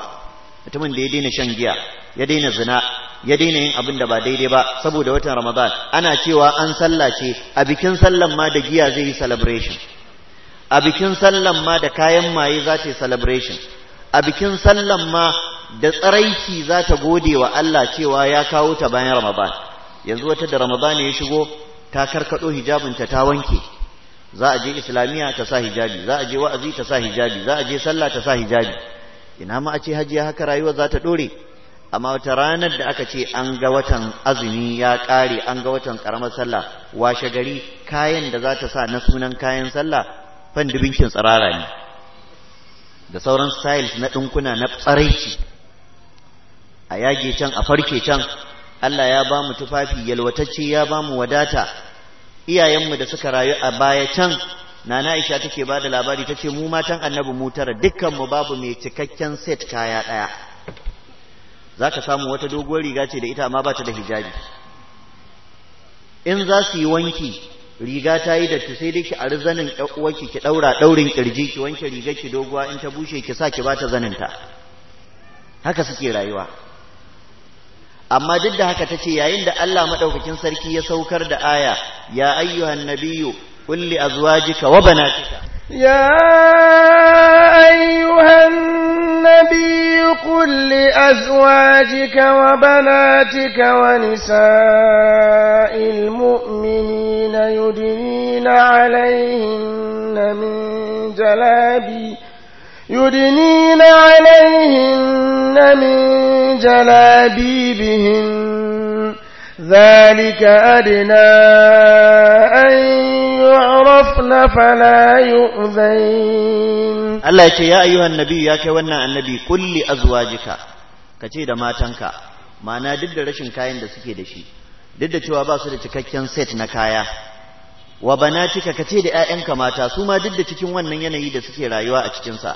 mutumin da ya daina shan giya ya daina zina ya daina yin abin da ba daidai ba saboda watan Ramadan ana cewa an sallace a bikin sallan ma da giya zai yi celebration a bikin sallan ma da kayan maye za ta yi celebration a bikin sallan ma da tsaraiki za ta gode wa Allah cewa ya kawo ta bayan Ramadan yanzu wata da Ramadan ya shigo ta karkado hijabinta ta wanke za a je islamiya ta sa hijabi za a je wa'azi ta sa hijabi za a je sallah ta sa hijabi ina ma a ce hajiya haka rayuwa za ta ɗore amma wata ranar da aka ce an ga watan azumi ya ƙare an ga watan ƙaramar sallah washe gari kayan da za ta sa na sunan kayan sallah fan dubinkin tsirara ne da sauran styles na ɗinkuna na tsaraici a yage can a farke can Allah ya ba mu tufafi yalwatacce ya ba mu wadata iyayenmu da suka rayu a baya can nana Aisha take ba da labari tace mu matan annabi mu tara dukkan babu mai cikakken set kaya daya zaka samu wata doguwar riga ce da ita amma ba ta da hijabi in za su yi wanki riga ta yi datti sai dai ki ari zanin uwarki ki daura daurin kirji ki wanke rigar ki doguwa in ta bushe ki sa ki bata zaninta haka suke rayuwa amma duk da haka tace yayin da Allah maɗaukakin sarki ya saukar da aya ya ayyuhan nabiyyu قل لأزواجك وبناتك يا أيها النبي قل لأزواجك وبناتك ونساء المؤمنين يدنين عليهن من جلابي يدنين عليهن من جلابيبهن ذلك أدنى أن يعرفن فلا يؤذين ya kai wannan أيها النبي يا كوانا النبي كل أزواجك كتير ما تنكا ma'ana duk da rashin kayan da suke da shi duk da cewa ba su da cikakken set na kaya wa banatika ka ce da 'ya'yanka mata su ma duk da cikin wannan yanayi da suke rayuwa a cikinsa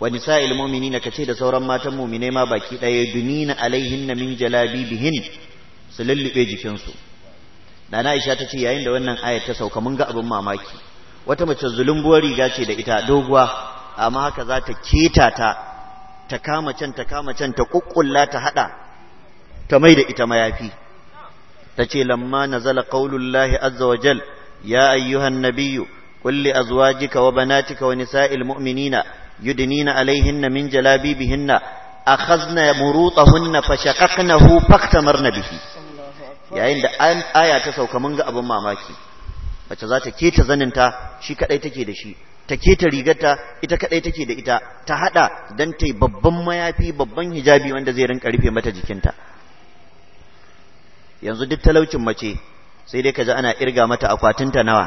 wa nisa'il mu'minina ka ce da sauran matan mu'minai ma baki ɗaya dunina alaihinna min jalabibihin su lullube jikinsu na Aisha ta ce yayin da wannan ayar ta sauka mun ga abin mamaki wata mace zulumbuwar riga ce da ita doguwa amma haka za ta keta ta ta kama can ta kama can ta kukkulla ta hada ta mai da ita mayafi ta ce lamma nazala qaulullahi azza wa jal ya ayyuhan nabiyyu qul li azwajika wa banatika wa nisa'il mu'minina yudnina alaihinna min jalabibihinna akhadna murutahunna fashaqaqnahu faktamarna bihi yayin da an aya ta sauka mun ga abin mamaki mace za ta keta zaninta shi kadai take da shi ta keta rigarta ita kadai take da ita ta hada dan ta babban mayafi babban hijabi wanda zai rinka rufe mata jikinta yanzu duk talaucin mace sai dai ka ji ana irga mata akwatinta nawa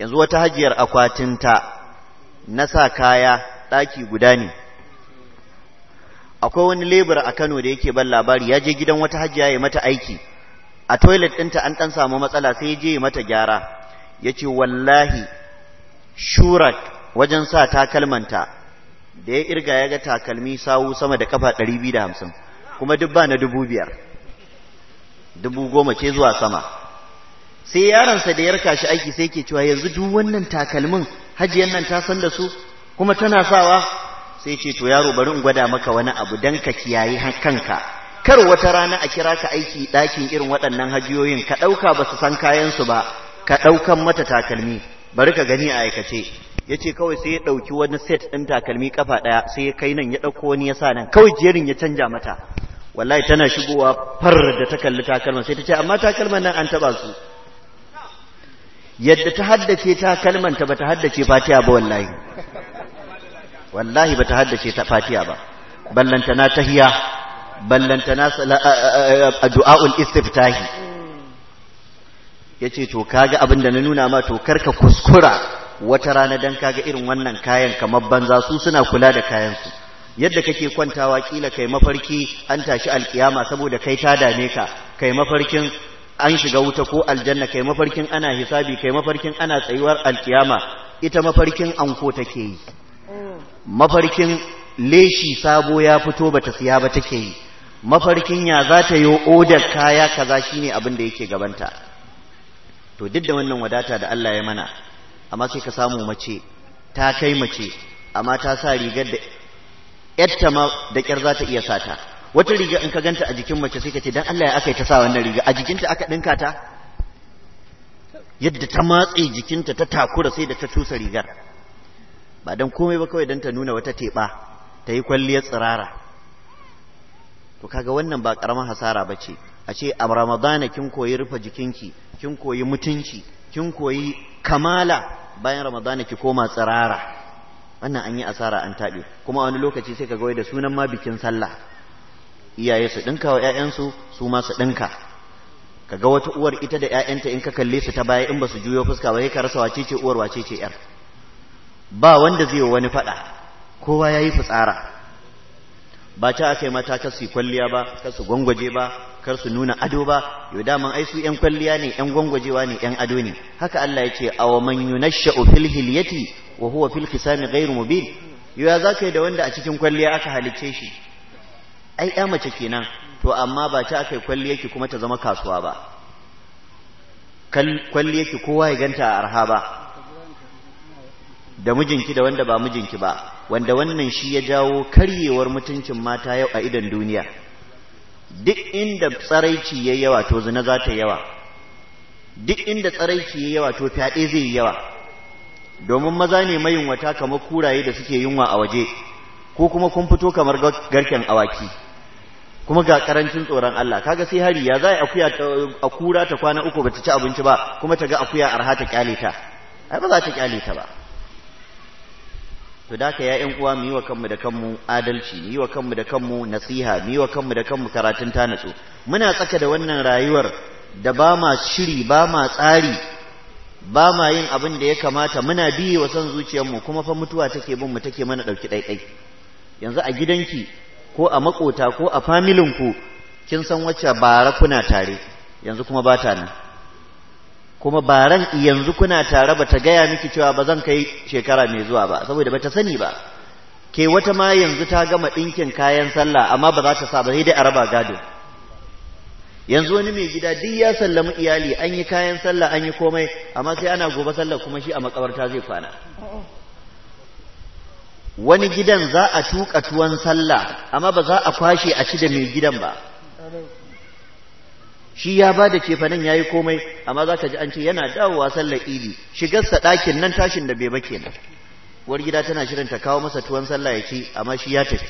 yanzu wata hajiyar akwatinta na sa kaya ɗaki guda ne akwai wani lebur a Kano da yake ban labari ya je gidan wata hajjiya ya mata aiki a toilet ɗinta an ɗan samu matsala sai ya je ya mata gyara ya ce wallahi shurat wajen sa takalmanta da ya irga ya ga takalmi sawu sama da kafa ɗari biyu da hamsin kuma duk ba na dubu biyar dubu goma ce zuwa sama sai yaransa da ya raka shi aiki sai ke cewa yanzu duk wannan takalmin hajiyan nan ta san da su kuma tana sawa sai ce to yaro bari in gwada maka wani abu dan ka kiyaye kanka kar wata rana a kira ka aiki ɗakin irin waɗannan hajiyoyin ka ɗauka ba su san kayansu ba ka ɗaukan mata takalmi bari ka gani a aikace ya ce kawai sai ya ɗauki wani set ɗin takalmi kafa ɗaya sai ya kai nan ya ɗauko wani ya sa nan kawai jerin ya canja mata wallahi tana shigowa far da ta kalli takalman sai ta ce amma takalman nan an taɓa su yadda ta haddace takalman ta bata haddace fatiya ba wallahi wallahi bata haddace ta Fatiya ba ballanta na tahiya ballanta na du'aul istiftahi yace to kaga abin da na nuna ma to karka kuskura wata rana dan kaga irin wannan kayan kamar banza su suna kula da kayan su yadda kake kwantawa kila kai mafarki an tashi alkiyama saboda kai ta dame ka kai mafarkin an shiga wuta ko aljanna kai mafarkin ana hisabi kai mafarkin ana tsayuwar alkiyama ita mafarkin anko take yi mafarkin leshi sabo ya fito bata siya ba take yi mafarkin ya za ta yi odar kaya kaza shine abin da yake gabanta to duk da wannan wadata da Allah ya mana amma sai ka samu mace ta kai mace amma ta sa rigar da yatta ma da kyar za ta iya sata wata riga in ka ganta a jikin mace sai ka ce dan Allah ya aka yi ta sa wannan riga a jikinta aka dinka ta yadda ta matse jikinta ta takura sai da ta tusa rigar ba dan komai ba kawai dan ta nuna wata teɓa ta yi kwalliyar tsirara to kaga wannan ba karamar hasara ba ce a ce a ramadana kin koyi rufe jikinki kin koyi mutunci kin koyi kamala bayan ramadana ki koma tsirara wannan an yi asara an taɓe kuma wani lokaci sai ka gawai da sunan ma bikin sallah iyaye su ɗinka wa ‘ya'yansu su ma su ɗinka kaga ga wata uwar ita da ‘ya'yanta in ka kalle su ta baya in ba su juyo fuska ba sai ka rasa wace ce uwar wace ce ‘yar ba wanda zai wani faɗa kowa ya yi fitsara ba ta aka yi mata kar su kwalliya ba kar su gwangwaje ba kar su nuna ado ba yau daman ai su yan kwalliya ne yan gwangwajewa ne yan ado ne haka Allah ya ce wa man yunashsha'u fil hilyati wa huwa fil khisami ghairu mubin yau ya zaka yi da wanda a cikin kwalliya aka halicce shi ai ya mace kenan to amma ba ta aka yi kwalliya ki kuma ta zama kasuwa ba kwalliya ki kowa ya ganta a arha ba da mijinki da wanda ba mijinki ba wanda wannan shi ya jawo karyewar mutuncin mata yau a idan duniya duk inda tsaraici ya yawa to zina za ta yawa duk inda tsaraici ya yawa to fyaɗe zai yi yawa domin maza ne mayunwata kamar kuraye da suke yunwa a waje ko kuma kun fito kamar garken awaki kuma ga karancin tsoron Allah kaga sai hari ya zai akuya a kura ta kwana uku bata ci abinci ba kuma ta ga akuya arha ta kyale ta ai ba za ta kyale ta ba to da ka ya'yan uwa mu yi wa kanmu da kanmu adalci mu yi wa kanmu da kanmu nasiha mu yi wa kanmu da kanmu karatun ta natsu muna tsaka da wannan rayuwar da ba ma shiri ba ma tsari ba ma yin abin da ya kamata muna biye wa son zuciyarmu kuma fa mutuwa take bin mu take mana ɗauki ɗaiɗai yanzu a gidanki ko a maƙota ko a familinku kin san wacce bara kuna tare yanzu kuma ba nan kuma ba ran yanzu kuna tare ba ta gaya miki cewa ba zan kai shekara mai zuwa ba saboda ba ta sani ba ke wata ma yanzu ta gama ɗinkin kayan sallah amma ba za ta sa ba sai dai a raba gado yanzu wani mai gida duk ya sallamu iyali an yi kayan sallah an yi komai amma sai ana gobe sallah kuma shi a makabarta zai kwana wani gidan za a tuka tuwon sallah amma ba za a kwashe a ci da mai gidan ba shi ya ba da cefanen ya yi komai amma za ka ji an ce yana dawowa sallar idi shigarsa ɗakin nan tashin da bai ba kenan gida tana shirin ta kawo masa tuwon sallah ya ci amma shi ya tafi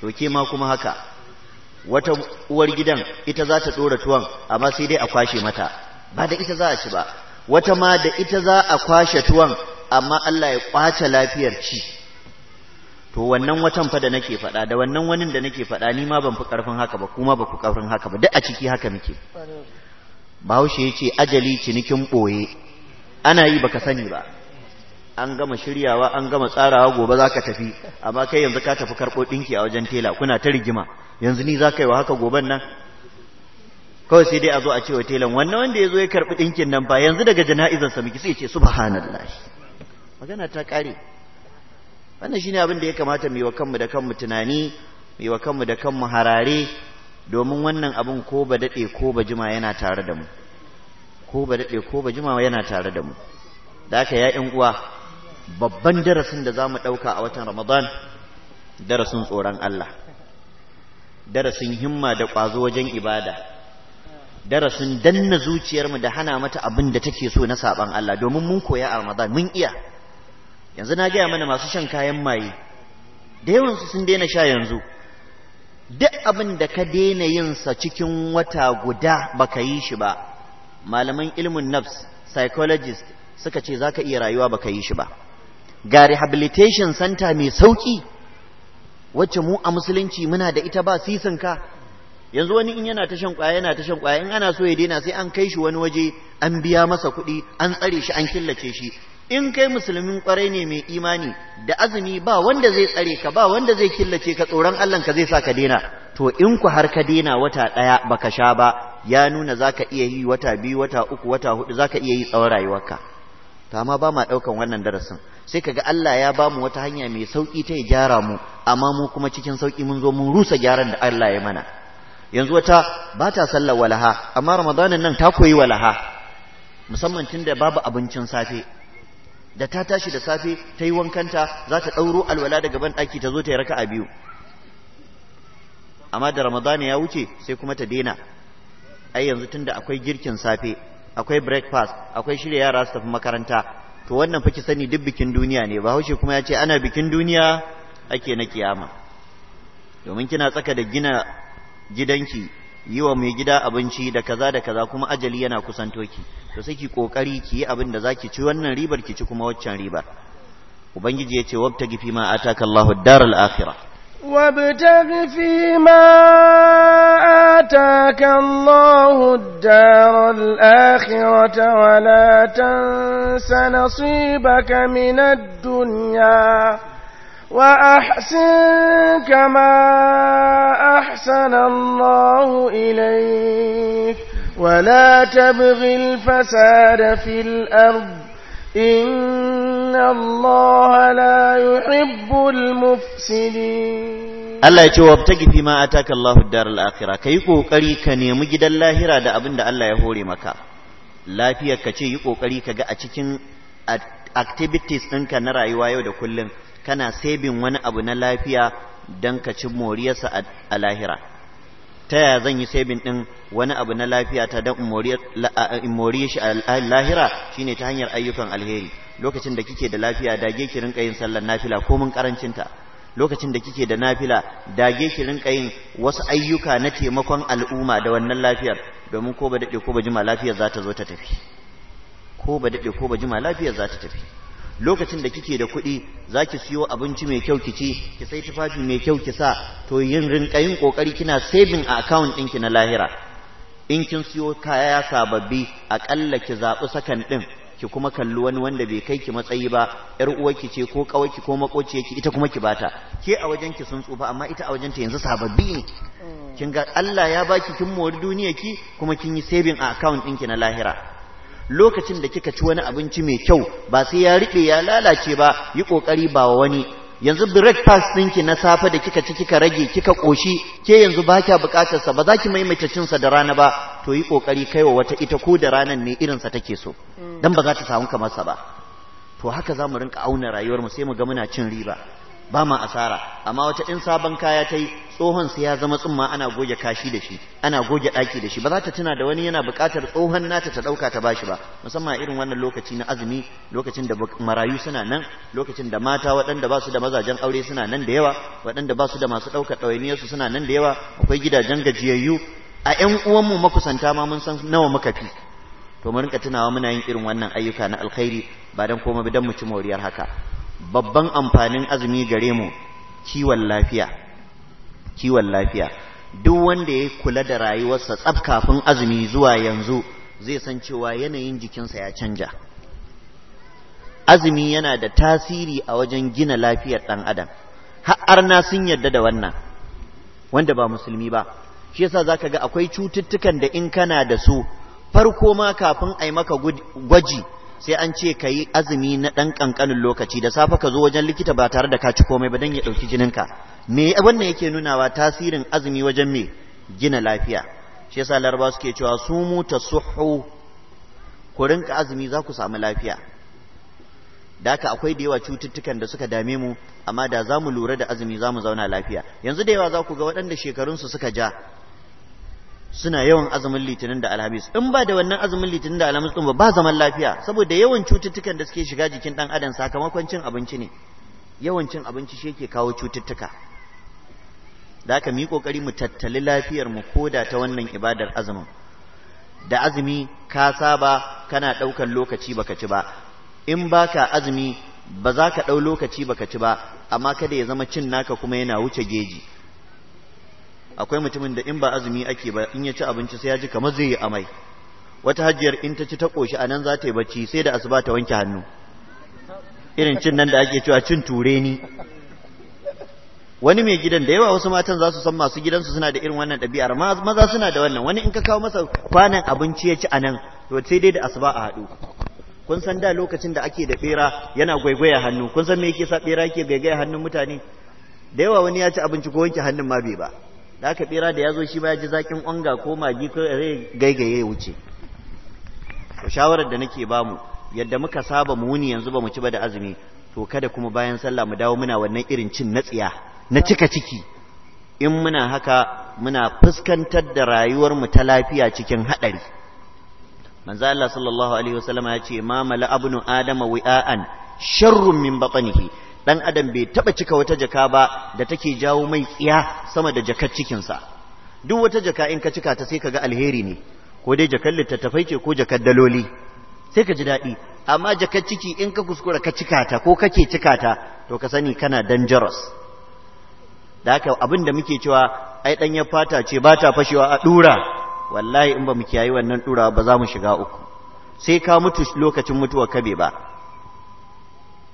to ke ma kuma haka wata uwar gidan ita za ta ɗora tuwon amma sai dai a kwashe mata ba da ita za a ci ba wata ma da ita za a kwashe tuwon amma Allah ya kwace lafiyar ci to wannan watan fa da nake faɗa da wannan wanin da nake faɗa ni ma ban fi ƙarfin haka ba kuma ba ku ƙarfin haka ba duk a ciki haka muke bahaushe ya ce ajali cinikin ɓoye ana yi baka sani ba an gama shiryawa an gama tsarawa gobe za ka tafi amma kai yanzu ka tafi karɓo ɗinki a wajen tela kuna ta rigima yanzu ni za ka yi wa haka goben nan kawai sai dai a zo a ce wa telan wannan wanda ya zo ya karɓi ɗinkin nan ba yanzu daga jana'izansa muke sai ce subhanallah magana ta ƙare wannan shine abin da ya kamata mu yi wa kanmu da kanmu tunani mu yi wa kanmu da kanmu harare domin wannan abin ko ba daɗe ko ba jima yana tare da mu ko ba daɗe ko ba jima yana tare da mu da haka ya yan uwa babban darasin da zamu mu ɗauka a watan ramadan darasin tsoron allah darasin himma da ƙwazo wajen ibada darasin danna zuciyarmu da hana mata abin da take so na saban Allah domin mun koya a Ramadan mun iya yanzu na gaya mana masu shan kayan maye da yawansu sun daina sha yanzu duk abin da ka daina yin sa cikin wata guda baka yi shi ba malaman ilmin nafs psychologist suka ce za iya rayuwa baka yi shi ba ga rehabilitation center mai sauki wacce mu a musulunci muna da ita ba sisinka yanzu wani in yana ta shan kwaya yana ta shan kwaya in ana so ya daina sai an kai shi wani waje an biya masa kuɗi an tsare shi an killace shi in kai musulmin kwarai ne mai imani da azumi ba wanda zai tsare ka ba wanda zai killace ka tsoron Allah ka zai sa ka dena to in ku har ka dena wata daya baka sha ba ya nuna zaka iya yi wata biyu wata uku wata hudu zaka iya yi tsawon rayuwarka to amma ba ma daukan wannan darasin sai kaga Allah ya ba mu wata hanya mai sauki ta gyara mu amma mu kuma cikin sauki mun zo mun rusa gyaran da Allah ya mana yanzu wata ba ta sallar walaha amma ramadanin nan ta koyi walaha musamman tunda babu abincin safe da ta tashi da safe ta yi wankanta za ta ɗauro alwala daga ban ɗaki ta zo ta yi a biyu amma da ramadana ya wuce sai kuma ta daina ai yanzu tunda akwai girkin safe akwai breakfast akwai shirya yara su tafi makaranta to wannan fa ki sani duk bikin duniya ne bahaushe kuma ya ce ana bikin duniya ake na kiyama domin kina tsaka da gina gidanki yi wa mai gida abinci da kaza da kaza kuma ajali yana kusanto ki to sai ki kokari ki yi abin da zaki ci wannan ribar ki ci kuma waccan ribar ubangiji ya ce wabtagi fi ma ataka Allahu daral akhirah وابتغ فيما آتاك الله الدار الآخرة ولا تنس نصيبك من الدنيا وأحسن كما أحسن الله إليك ولا تبغ الفساد في الأرض إن الله لا يحب المفسدين Allah ya ce wa abtagi fi ma ataka Allahu dar al-akhira kai kokari ka nemi gidan lahira da abin da Allah ya hore maka lafiyar ka ce yi kokari kaga a cikin activities ɗinka na rayuwa yau da kullum kana sebin wani abu na lafiya don ka ci moriyarsa a lahira ta yaya zan yi sebin ɗin wani abu na lafiya ta don in moriye shi a lahira shine ta hanyar ayyukan alheri lokacin da kike da lafiya dage ki rinka yin sallar nafila ko mun karancinta lokacin da kike da nafila dage ki rinka yin wasu ayyuka na taimakon al'umma da wannan lafiyar domin ko ba daɗe ko ba jima lafiyar za ta zo ta tafi ko ba daɗe ko ba jima lafiyar za ta tafi lokacin da kike da kuɗi za ki siyo abinci mai kyau ki ci ki sai tufafi mai kyau ki sa to yin rinka yin kokari kina saving a account ɗinki na lahira in kin siyo kaya sababbi aƙalla ki zaɓi sakan ɗin ki kuma kalli wani wanda bai kai ki matsayi ba yar uwarki ce ko ki ko makociyarki ita kuma ki bata ke a wajen ki sun tsufa amma ita a wajen ta yanzu sababbi ne mm. kin ga Allah ya baki kin mori ki, kuma kin yi saving a account ɗinki na lahira lokacin da kika ci wani abinci mai kyau ba sai ya riɓe ya lalace ba yi ƙoƙari ba wani yanzu breakfast ɗinki na safe da kika ci kika rage kika ƙoshi ke yanzu ba kya buƙatar sa ba za ki maimaita cin sa da rana ba to yi ƙoƙari wa wata ita ko da ranan ne irin sa take so mm. dan ba za ta samu kamar sa ba to haka za mu rinka auna rayuwar mu sai mu ga muna cin riba ba ma asara amma wata in sabon kaya ta yi tsohon sai ya zama tsumma ana goge kashi da shi ana goge ɗaki da shi ba za ta tuna da wani yana buƙatar tsohon nata ta ɗauka ta bashi ba musamman a irin wannan lokaci na azumi lokacin da marayu suna nan lokacin da mata waɗanda ba su da mazajen aure suna nan da yawa waɗanda ba su da masu ɗaukar ɗawainiyarsu suna nan da yawa akwai gidajen gajiyayyu a ƴan uwanmu makusanta ma mun san nawa muka fi to mu rinka tunawa muna yin irin wannan ayyuka na alkhairi ba dan bi dan mu ci moriyar haka babban amfanin azumi gare mu kiwon lafiya kiwon lafiya duk wanda ya kula da rayuwarsa tsaf kafin azumi zuwa yanzu zai san cewa yanayin jikinsa ya canja azumi yana da tasiri a wajen gina lafiyar ɗan adam har na sun yarda da wannan wanda ba musulmi ba shi yasa zaka ga akwai cututtukan da in kana da su farko ma kafin a maka gwaji sai an ce ka yi azumi na ɗan ƙanƙanin lokaci da safe ka zo wajen likita ba tare da ka ci komai ba don ya ɗauki jinin ka me wannan yake nunawa tasirin azumi wajen me gina lafiya shi yasa larabawa suke cewa ta suhu ku rinka azumi za ku samu lafiya da haka akwai da yawa cututtukan da suka dame mu amma da za mu lura da azumi za mu zauna lafiya yanzu da yawa za ku ga waɗanda shekarunsu suka ja suna yawan azumin litinin da alhamis in ba da wannan azumin litinin da alhamis din ba ba zaman lafiya saboda yawan cututtukan da suke shiga jikin dan adam sakamakon cin abinci ne yawan cin abinci shi yake kawo cututtuka da aka mu yi kokari mu tattali lafiyar mu koda ta wannan ibadar azumin da azumi ka saba kana ɗaukan lokaci baka ci ba in baka azumi ba za ka ɗau lokaci baka ci ba amma kada ya zama cin naka kuma yana wuce geji akwai mutumin da in ba azumi ake ba in ya ci abinci sai ya ji kamar zai yi amai wata hajjiyar in ta ci ta koshi anan za ta yi bacci sai da asuba ta wanke hannu irin cin nan da ake cewa cin ture ni wani mai gidan da yawa wasu matan za su san masu gidansu suna da irin wannan ɗabi'ar maza suna da wannan wani in ka kawo masa kwanan abinci ya ci anan to sai dai da asuba a haɗu kun san da lokacin da ake da bera yana gwaigwaya hannu kun san me yake sa bera yake gwaigwaya hannun mutane da yawa wani ya ci abinci ko wanke hannun ma bai ba da aka bera da ya zo shi ba ya ji zakin onga ko magi ko zai gaigaye wuce to shawarar da nake bamu yadda muka saba mu wuni yanzu ba mu ci ba da azumi to kada kuma bayan sallah mu dawo muna wannan irin cin natsiya na cika ciki in muna haka muna fuskantar da rayuwar mu ta lafiya cikin hadari manzo Allah sallallahu alaihi wasallam ya ce ma mala abnu adama wi'an sharrun min batnihi dan adam bai taba cika wata jaka ba da take jawo mai tsiya sama da jakar cikinsa duk wata jaka in ka cika ta sai ka ga alheri ne ko dai jakar littattafai ce ko jakar daloli sai ka ji daɗi amma jakar ciki in ka kuskura ka cika ta ko kake cika ta to ka sani kana dangerous da haka abin da muke cewa ai ɗanya fata ce ba ta fashewa a ɗura wallahi in ba mu kiyayi wannan ɗura ba za mu shiga uku sai ka mutu lokacin mutuwa kabe ba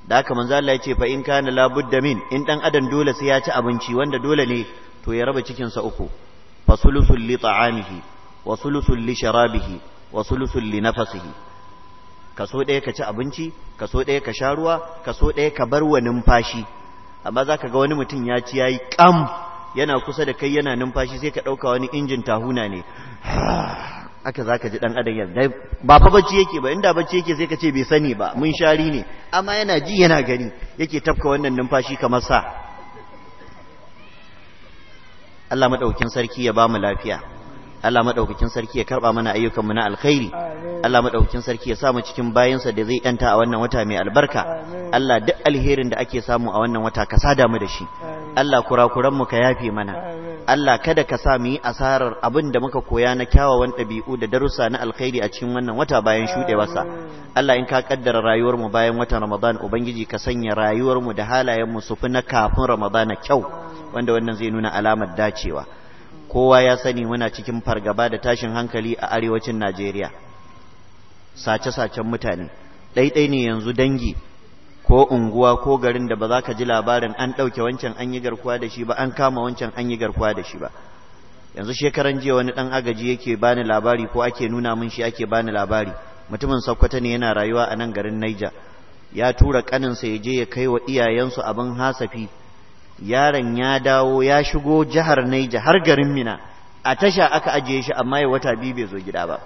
da haka manzo Allah ya ce fa in kana labudda min in dan adam dole sai ya ci abinci wanda dole ne to ya raba cikin sa uku fa sulusul li ta'amihi wa sulusul li sharabihi wa sulusul li nafasihi kaso ɗaya ka ci abinci kaso ɗaya ka sha ruwa kaso ɗaya ka bar wa numfashi amma za ka ga wani mutum ya ci ya yi ƙam yana kusa da kai yana numfashi sai ka ɗauka wani injin tahuna ne aka zaka ji dan adam yanzu ba fa bacci yake ba inda bacci yake sai ka ce bai sani ba mun shari ne amma yana ji yana gani yake tafka wannan numfashi kamar sa Allah madaukin sarki ya ba mu lafiya Allah madaukakin sarki ya karba mana ayyukan mu na alkhairi Allah madaukakin sarki ya sa mu cikin bayansa da zai danta a wannan wata mai albarka Allah duk alherin da ake samu a wannan wata ka sada mu da shi Allah kurakuran mu ka yafe mana Allah kada ka sa mu yi asarar abin da muka koya na kyawawan ɗabi'u da darussa na alkhairi a cikin wannan wata bayan sa Allah in ka kaddara rayuwar mu bayan watan Ramadan ubangiji ka sanya rayuwar mu da halayen mu su fi na kafin Ramadan kyau wanda wannan zai nuna alamar dacewa kowa ya sani muna cikin fargaba da tashin hankali a arewacin Najeriya sace-sacen mutane ɗaiɗai ne yanzu dangi ko unguwa ko garin da ba za ka ji labarin an ɗauke wancan an yi garkuwa da shi ba an kama wancan an yi garkuwa da shi ba yanzu shekaran jiya wani ɗan agaji yake bani labari ko ake nuna min shi ake bani labari mutumin sakkwata ne yana rayuwa a nan garin Niger ya tura kaninsa ya je ya kai wa iyayensu abin hasafi yaron ya dawo ya shigo jihar Naija har garin Mina a tasha aka ajiye shi amma ya wata biyu bai zo gida ba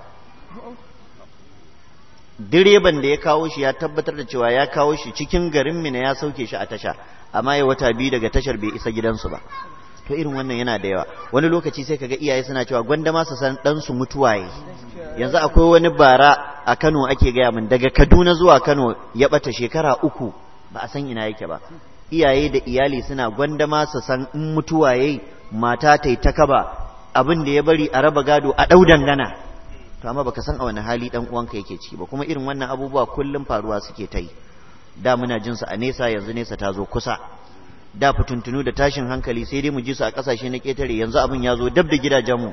direban da ya kawo shi ya tabbatar da cewa ya kawo shi cikin garin Mina ya sauke shi a tasha amma ya wata biyu daga tashar bai isa gidansu ba to irin wannan yana da yawa wani lokaci sai kaga iyaye suna cewa gwanda ma su san dan su mutuwa yi yanzu akwai wani bara a Kano ake gaya min daga Kaduna zuwa Kano ya bata shekara uku ba a san ina yake ba iyaye da iyali suna gwandama su san in mutuwa yayi mata ta ta kaba abin da ya bari a raba gado a ɗau dangana to amma baka san a wani hali dan uwanka yake ciki ba kuma irin wannan abubuwa kullum faruwa suke ta yi da muna jin su a nesa yanzu nesa ta zo kusa da fituntunu da tashin hankali sai dai mu ji su a kasashe na ketare yanzu abin ya zo dab da gidajenmu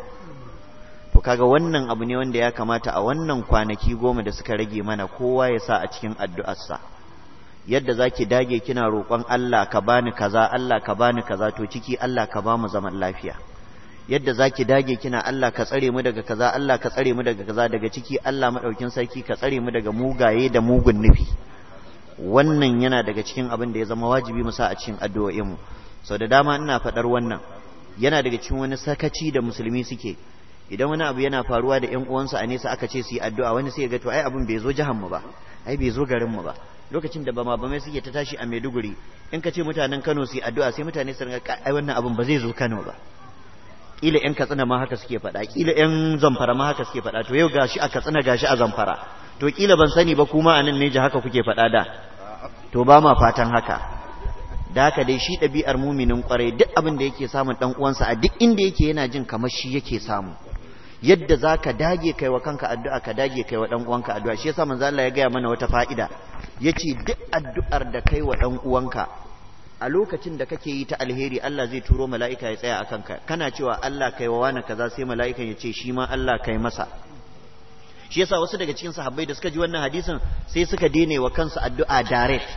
to kaga wannan abu ne wanda ya kamata a wannan kwanaki goma da suka rage mana kowa ya sa a cikin addu'arsa yadda zaki dage kina roƙon Allah ka bani kaza Allah ka bani kaza to ciki Allah ka bamu zaman lafiya yadda zaki dage kina Allah ka tsare mu daga kaza Allah ka tsare mu daga kaza daga ciki Allah madaukin sarki ka tsare mu daga mugaye da mugun nufi wannan yana daga cikin abin da ya zama wajibi mu sa a cikin addu'o'in mu sau da dama ina faɗar wannan yana daga cikin wani sakaci da musulmi suke idan wani abu yana faruwa da ƴan uwansa a nesa aka ce su yi addu'a wani sai ya ga to ai abin bai zo jihar mu ba ai bai zo garin mu ba lokacin da bama suke ta tashi a Maiduguri in ka ce mutanen Kano su yi addu'a sai mutane su ringa ai wannan abin ba zai zo Kano ba kila ƴan Katsina ma haka suke faɗa kila ƴan Zamfara ma haka suke faɗa to yau gashi a Katsina gashi a Zamfara to kila ban sani ba kuma anan nan ne ji haka kuke faɗa da to ba ma fatan haka da haka dai shi ɗabi'ar muminin kwarai duk abin da yake samun ɗan uwansa a duk inda yake yana jin kamar shi yake samu yadda za ka dage kai wa kanka addu'a ka dage kai wa ɗan’uwanka addu'a shi yasa manzo Allah ya gaya mana wata fa'ida ya ce duk addu'ar da kai wa ɗan’uwanka a lokacin da kake yi ta alheri Allah zai turo mala'ika ya tsaya a kanka kana cewa Allah kai wa wani kaza sai mala'ikan ya ce shi ma Allah kai masa shi yasa wasu daga cikin sahabbai da suka ji wannan hadisin sai suka dene wa kansu addu'a direct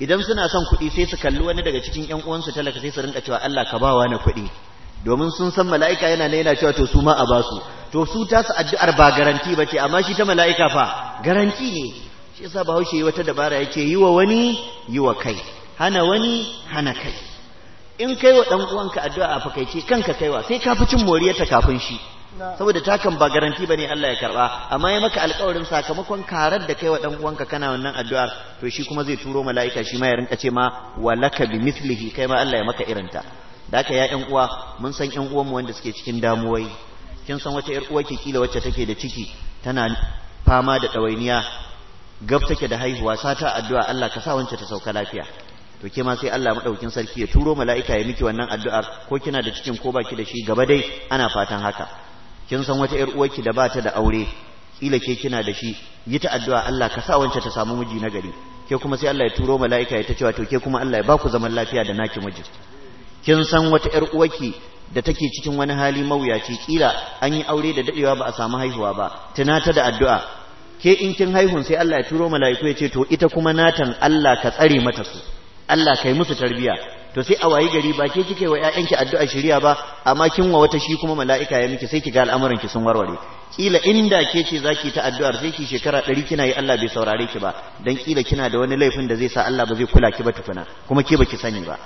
idan suna son kuɗi sai su kalli wani daga cikin 'yan'uwansu talaka sai su rinka cewa Allah ka ba wani kuɗi domin sun san mala'ika yana ne yana cewa to su ma a basu to su tasu addu'ar ba garanti ba ce amma shi ta mala'ika fa garanti ne shi yasa bahaushe yi wata dabara yake yi wa wani yi wa kai hana wani hana kai in kai wa ɗan uwanka addu'a a fakaice kanka kaiwa sai ka fi cin ta kafin shi saboda takan ba garanti ba ne Allah ya karba amma ya maka alƙawarin sakamakon karar da kai wa dan uwanka kana wannan addu'a to shi kuma zai turo mala'ika shi ma ya rinka ce ma walaka bi mislihi kai ma Allah ya maka irinta da aka ya ƴan uwa mun san ƴan uwanmu wanda suke cikin damuwai kin san wace ƴar uwa ke kila wacce take da ciki tana fama da ɗawainiya gab take da haihuwa sata addu'a Allah ka sa wance ta sauka lafiya to ke ma sai Allah madaukin sarki ya turo mala'ika ya miki wannan addu'ar ko kina da cikin ko baki da shi gaba dai ana fatan haka kin san wata ƴar uwarki da bata da aure kila ke kina da shi yi ta addu'a Allah ka sa wance ta samu miji na gari ke kuma sai Allah ya turo mala'ika ya ta cewa to ke kuma Allah ya ba ku zaman lafiya da naki miji kin san wata ƴar uwarki da take cikin wani hali mawuyaci kila an yi aure da dadewa ba a samu haihuwa ba tunata da addu'a ke in kin haihun sai Allah ya turo mala'iku ya ce to ita kuma natan Allah ka tsare mata su Allah kai musu tarbiya to sai a wayi gari ba ke kike wa ƴaƴanki addu'a shiriya ba amma kin wa wata shi kuma mala'ika ya miki sai ki ga al'amuran ki sun warware kila inda ke ce zaki ta addu'ar sai ki shekara ɗari kina yi Allah bai saurare ki ba dan kila kina da wani laifin da zai sa Allah ba zai kula ki ba tukuna kuma ke baki sani ba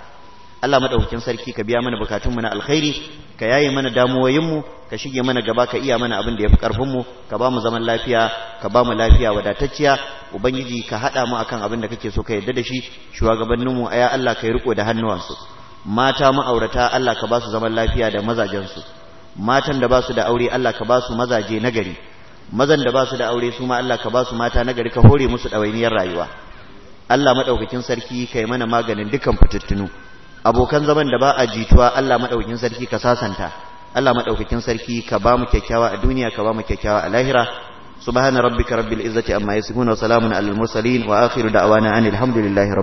Allah madaukakin sarki ka biya mana bukatunmu na alkhairi ka yaye mana damuwoyinmu ka shige mana gaba ka iya mana abin da yafi karfin mu ka bamu zaman lafiya ka bamu lafiya wadatacciya ubangiji ka hada mu akan abin da kake so ka yarda da shi shugabanninmu aya Allah ka yi riko da hannuwansu mata ma'aurata Allah ka ba zaman lafiya da mazajensu matan da ba da aure Allah ka ba mazaje nagari mazan da ba da aure su ma Allah ka basu su mata nagari ka hore musu dawainiyar rayuwa Allah madaukakin sarki kai mana maganin dukan fitattunu. abokan zaman da ba a jituwa Allah maɗaukin sarki ka sasanta Allah maɗaukakin sarki ka ba mu kyakkyawa a duniya ka ba mu kyakkyawa a lahira subhana rabbika rabbil izzati amma yasifun wa salamun alal mursalin wa akhiru da'wana anil hamdulillahi